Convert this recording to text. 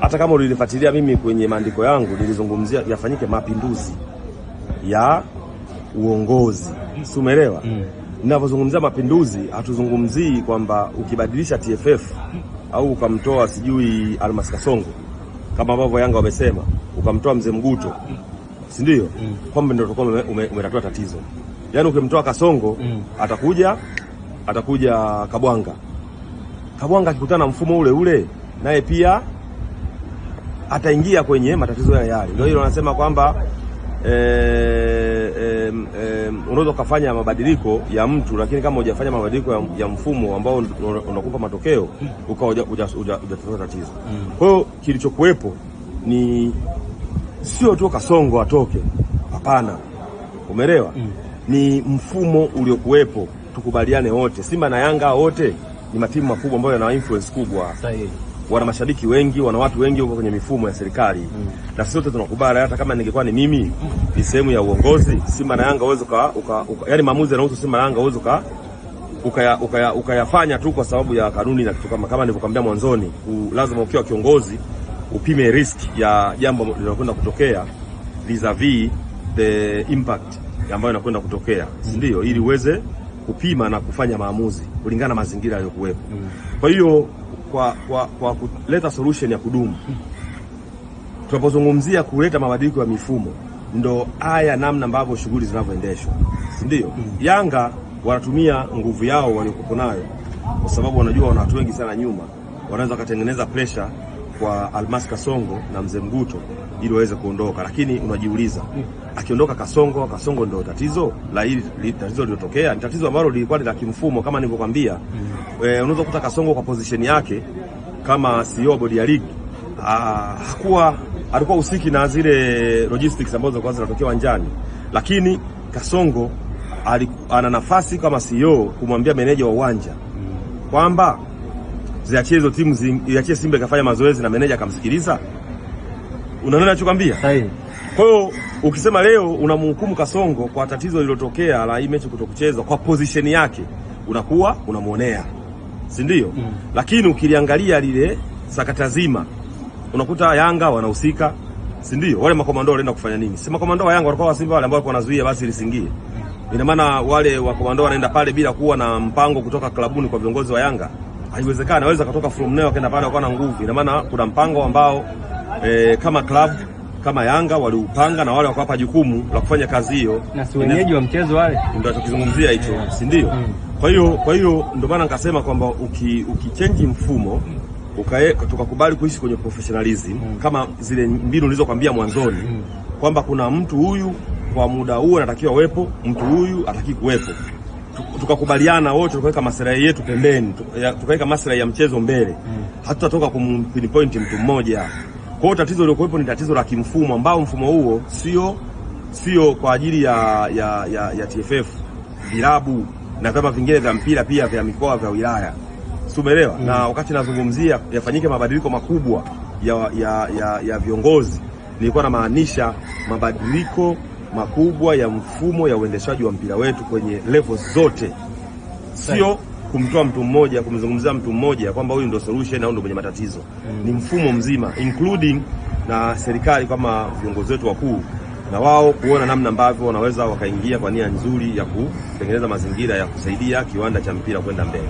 hata kama ulilifuatilia, mimi kwenye maandiko yangu nilizungumzia yafanyike mapinduzi ya uongozi, si umeelewa? mm. Ninavyozungumzia mapinduzi, hatuzungumzii kwamba ukibadilisha TFF au ukamtoa sijui Almas Kasongo kama ambavyo Yanga wamesema, ukamtoa mzee Mguto, si ndio? mm. kwamba ndio utakuwa umetatua tatizo. Yaani ukimtoa Kasongo mm. atakuja atakuja Kabwanga. Kabwanga akikutana na mfumo ule ule naye pia ataingia kwenye matatizo ya yale. Ndio hilo wanasema kwamba e, e, e, unaweza ukafanya mabadiliko ya mtu, lakini kama hujafanya mabadiliko ya, ya mfumo ambao unakupa matokeo ukawa hujatatua tatizo. Mm. Kwa hiyo kilichokuwepo ni sio tu Kasongo atoke, hapana, umeelewa? Mm. Ni mfumo uliokuwepo, tukubaliane wote, Simba na Yanga wote ni matimu makubwa ambayo yana influence kubwa. Sahihi wana mashabiki wengi, wana watu wengi huko kwenye mifumo ya serikali mm. na sote tunakubali. Hata kama ningekuwa ni mimi ni sehemu ya uongozi, Simba na Yanga uwezo uka, uka, yani maamuzi yanahusu Simba na Yanga uwezo ukayafanya ukaya, ukaya tu kwa sababu ya kanuni na kitu kama kama nilivyokuambia mwanzoni, lazima ukiwa kiongozi upime risk ya jambo linalokwenda kutokea vis-a-vis the impact ambayo inakwenda kutokea, si mm. ndio? Ili uweze kupima na kufanya maamuzi kulingana na mazingira yaliyokuwepo. Mm. Kwa hiyo kwa, kwa, kwa kuleta solution ya kudumu. Tunapozungumzia kuleta mabadiliko ya mifumo, ndo haya namna ambavyo shughuli zinavyoendeshwa, ndio? mm Yanga wanatumia nguvu yao waliokuwa nayo, kwa sababu wanajua wana watu wengi sana nyuma, wanaweza wakatengeneza pressure kwa Almas Kasongo na Mzee Mguto ili waweze kuondoka, lakini unajiuliza akiondoka Kasongo, Kasongo ndio tatizo la hili tatizo lilotokea. Ni tatizo ambalo lilikuwa ni la kimfumo kama nilivyokwambia. Mm. E, unaweza kukuta Kasongo kwa position yake kama CEO bodi ya ligi ah, hakuwa alikuwa husiki na zile logistics ambazo zilikuwa zinatokea uwanjani, lakini Kasongo ana nafasi kama CEO kumwambia meneja wa uwanja mm. kwamba ziachie hizo timu ziachie Simba ikafanya mazoezi na meneja akamsikiliza. Unaona ninachokwambia? Kwa hiyo ukisema leo unamhukumu Kasongo kwa tatizo lililotokea la hii mechi kutokuchezwa kwa position yake, unakuwa unamuonea. si ndio? Mm. Lakini ukiliangalia lile sakata zima unakuta Yanga wanahusika, si ndio? Wale makomando walienda kufanya nini? Si makomando wa Yanga walikuwa wa Simba wale ambao walikuwa wanazuia basi lisingie. Ina maana wale wakomando wanaenda pale bila kuwa na mpango kutoka klabuni kwa viongozi wa Yanga haiwezekani, aweza katoka from now akaenda pale akawa na nguvu. Ina maana kuna mpango ambao e, kama club kama Yanga waliupanga na wale wakawapa jukumu la kufanya kazi hiyo, na si wenyeji wa mchezo wale, ndio tukizungumzia hicho, si ndio? Mm. Kwa hiyo kwa hiyo ndio maana nikasema kwamba uki, uki mfumo tukakubali kuishi kwenye professionalism mm. kama zile mbinu nilizokwambia mwanzoni mm. kwamba kuna mtu huyu kwa muda huu anatakiwa wepo, mtu huyu atakii kuwepo tukakubaliana wote tukaweka maslahi yetu pembeni, tukaweka maslahi ya mchezo mbele, mm. hatutatoka kumpinpoint mtu mmoja. Kwa hiyo tatizo liliokuwepo ni tatizo la kimfumo, ambao mfumo huo sio sio kwa ajili ya, ya, ya, ya TFF, vilabu na vyama vingine vya mpira pia vya mikoa vya wilaya, sumelewa mm. na wakati nazungumzia yafanyike mabadiliko makubwa ya, ya, ya, ya viongozi nilikuwa namaanisha mabadiliko makubwa ya mfumo ya uendeshaji wa mpira wetu kwenye level zote, sio kumtoa mtu mmoja, kumzungumzia mtu mmoja kwamba huyu ndio solution au ndio mwenye matatizo mm. Ni mfumo mzima including na serikali kama viongozi wetu wakuu, na wao kuona namna ambavyo wanaweza wakaingia kwa nia nzuri ya kutengeneza mazingira ya kusaidia kiwanda cha mpira kwenda mbele.